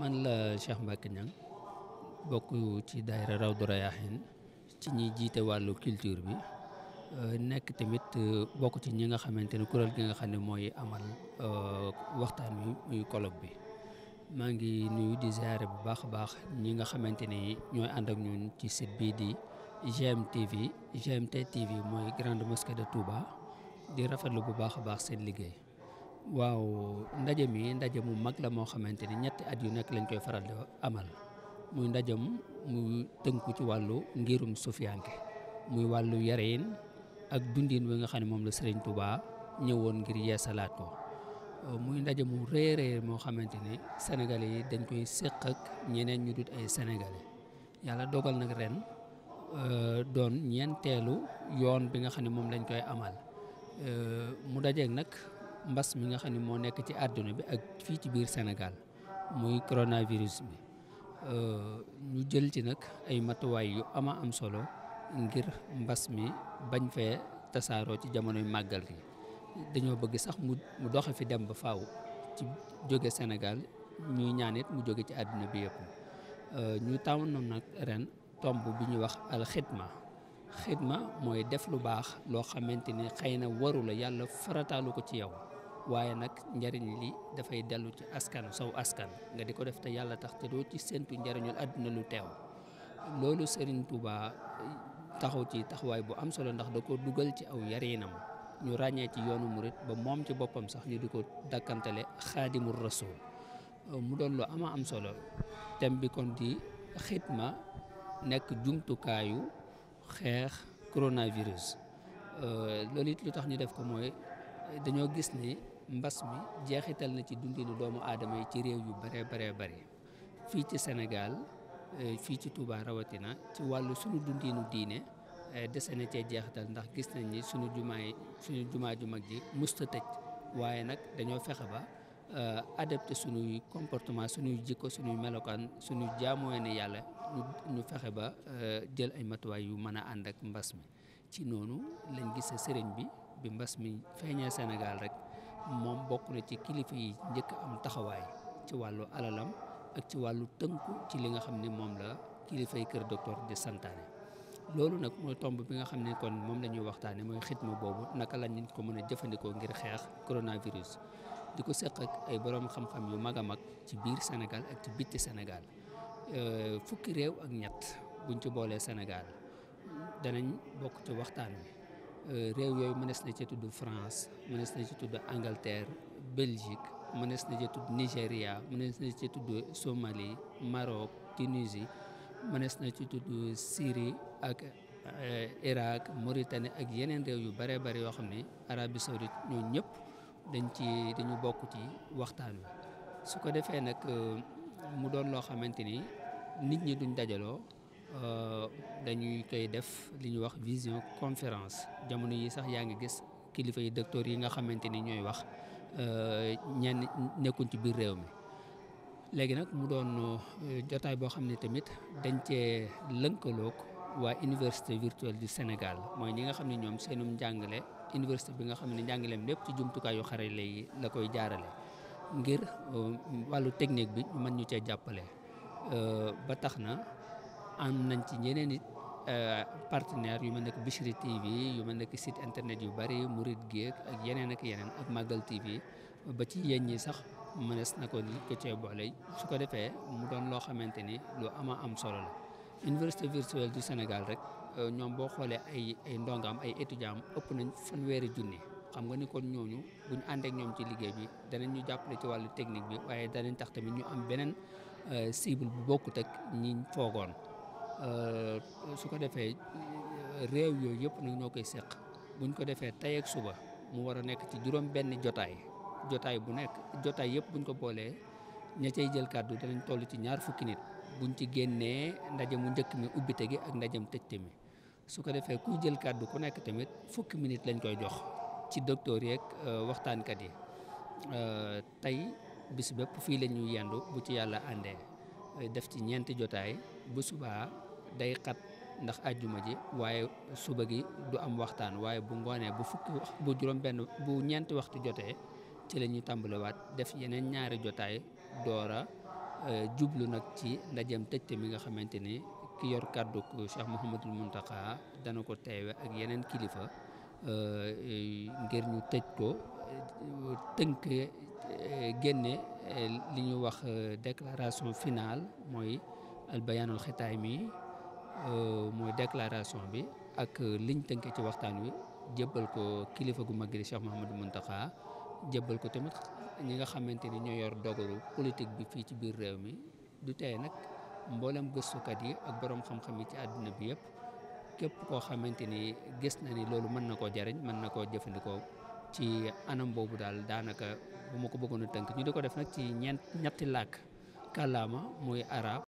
man la Cheikh Mbacke Niang bokk ci daayira Rawdu Rayaahin ci ñi jiite wàllu culture bi euh, nekk tamit euh, bokk ci ñi nga xamante ne kuréel gi nga xam ne mooy amal euh, waxtaan wi muy colloque bi maa ngi nuyu di ziare bu baax a baax ñi nga xamante ni ñooy ànd ak ñun ci site bii di GMTV GMT TV mooy Grande Mosquée de Touba di rafetlu bu baax a baax seen liggéey. waaw ndaje mi ndaje mu mag la moo xamante ni ñetti at yu nekk lañ koy faral di amal muy ndajam mu tënku ci wàllu ngirum sufiyanke muy wàllu yareyin ak dundin bi nga xam ne moom la Serigne Touba ñëwoon ngir yeesalaat ko euh, muy ndaje mu réeréer moo xamante ni sénégalais yi dañ ak ñeneen ñu dut ay sénégalais yàlla dogal nag ren euh, doon ñeenteelu yoon bi nga xam ne moom lañ koy amal euh, mu dajeeg nag mbas mi nga xam ne moo nekk ci àdduna bi ak fii ci biir Sénégal muy coronavirus bi euh, ñu jël ci nag ay matuwaay yu ama am solo ngir mbas mi bañ fee tasaaroo ci jamonoy màggal gi dañoo bëgg sax mu mu doxe fi dem ba faw ci jóge Sénégal ñuy ñaanit mu jóge ci àdduna bi yëpp euh, ñu taw tàmmoon nag ren tomb bi ñuy wax alxidma xidma mooy def lu baax loo xamante ni xëy na warula yàlla farataalu ko ci yow waaye nag njariñ li dafay dellu ci askan saw askan nga di ko def te yàlla tax te doo ci séntu njariñul àdduna lu teew loolu Serigne Touba eh, taxaw ci taxawaay bu am solo ndax da ko dugal ci aw yarinam ñu ràññee ci yoonu murit ba moom ci boppam sax ñu du ko dakkantale xaadimul rasul eh, mu doon lu ama am solo thème bi kon di xitma nekk jumtukaayu xeex coronavirus eh, loolu it lu tax ñu def ko mooy dañoo gis ni mbas mi jeexital na ci dundinu doomu aadama yi ci réew yu bare bare bare fii ci Sénégal eh, fii ci Touba rawatina ci wàllu suñu dundinu diine eh, dese na cee jeexital ndax gis nañ ni sunu jumaa yi jumaa ju mag ji musta tëj waaye nag dañoo fexe ba eh, adapté sunuy comportement suñuy jikko sunuy melokaan suñu jaamoo ne yàlla ñu fexe ba jël ay matuwaay yu mën a ànd ak mbas mi ci noonu lañ gis sëriñ bi bi mbas mi feeñee Sénégal rek moom bokk na ci kilifa yi njëkk am taxawaay ci wàllu alalam ak ci wàllu tënku ci li nga xam ni moom la kilifay kër docteur di santaane loolu nag mooy tomb bi nga xam ne kon moom la ñuy waxtaane mooy xitma boobu naka lañ ñu ko mën a jëfandikoo ngir xeex coronavirus di ko seq ak ay boroom xam-xam yu mag a mag ci biir senegal ak ci bitti Sénégal euh, fukki réew ak ñett buñ ci boolee Sénégal danañ bokk ci waxtaan réew yooyu mënees na ci tudd France mënees na ci tudd Angleterre Belgique mënees na ci tudd Nigéria mënees na ci tudd Somalie Maroc Tunisie mënees na ci tudd Syrie ak euh, Irak Mauritanie ak yeneen réew yu bare bare yoo xam ne Arabie Saoudite ñoo ñëpp dañ ci dañu bokk ci waxtaan wi su ko defee nag euh, mu doon loo xamante ni nit ñi duñ dajaloo Euh, dañuy kay def li ñuy wax vision conférence jamono yi sax yaa ngi gis kilifa yi docteur yi nga xamante ni ñooy wax euh, ñenn nekkuñ ci biir réew mi léegi nag mu doon euh, jotaay boo xam ne tamit dañ cee lënkaloog waa université virtuelle du Sénégal mooy ñi nga xam ne ñoom seenu njàngale université bi nga xam ne njàngaleem lépp ci jumtukaayu xare yi la koy jaarale ngir wàllu technique bi mën ñu cee jàppale ba tax na am nañ ci ñeneen it euh, partenaire yu mel ne Bichri TV yu mel ne site internet yu bari Murid Geek ak yeneen ak yeneen ak Magal TV ba ci yéen ñi sax mënees na ko ko cee boole su ko defee mu doon loo xamante ni lu ama am solo la université virtuelle du Sénégal rek euh, ñoom boo xoolee ay ay ndongaam ay étudiant ëpp nañ fanweeri junni xam nga ni kon ñooñu bu ñu ñoom ci liggéey bi danañ ñu jàppale ci wàllu technique bi waaye danañ tax tamit ñu am beneen euh, cible bu bokkut ak ñi foogoon. su ko defee réew yooyu yëpp nag ñoo koy seq buñ ko defee tey ak suba mu war a nekk ci juróom benn jotaay jotaay bu nekk jotaay yëpp buñ ko boolee ña cay jël kàddu danañ toll ci ñaar fukki nit buñ ci génnee ndaje mu njëkk mi ubbite gi ak ndajem tëjte mi su ko defee kuy jël kàddu ku nekk tamit fukki minute lañ koy jox ci docteur yeeg euh, waxtaankat yi euh, tey bis bépp fii la ñuy yendu bu ci yàlla àndee def ci ñeenti jotaay bu subaa day xat ndax àjjuma ji waaye suba gi du am waxtaan waaye bu ngoonee bu fukki bu juróom-benn bu ñeenti waxtu jotee ci la ñuy tàmbaliwaat def yeneen ñaari jotaay doora euh, jublu nag ci ndajeem tëjte mi nga xamante ni ki yor kàddu Cheikh Mouhamadul Mountakha dana ko teewe ak yeneen kilifa euh, ngir ñu tëj ko tënk euh, génne li ñu wax déclaration finale mooy albayaanul xitaay mi. Euh, mooy déclaration bi ak liñ tënk ci waxtaan wi jébbal ko kilifa gu mag gi Cheikh Mouhamadou Mountakha jébbal ko tamit ñi nga xamante ni ñoo yor dogalu politique bi fii ci biir réew mi du tey nag mboolem gëstukat yi ak boroom xam-xam yi ci àdduna bi yëpp képp koo xamante ni gis na ni loolu mën na koo jariñ mën na koo jëfandikoo ci anam boobu daal daanaka bu ma ko bëggoon a tënk ñu di ko def nag ci ñeent ñetti làkk kàllaama muy arab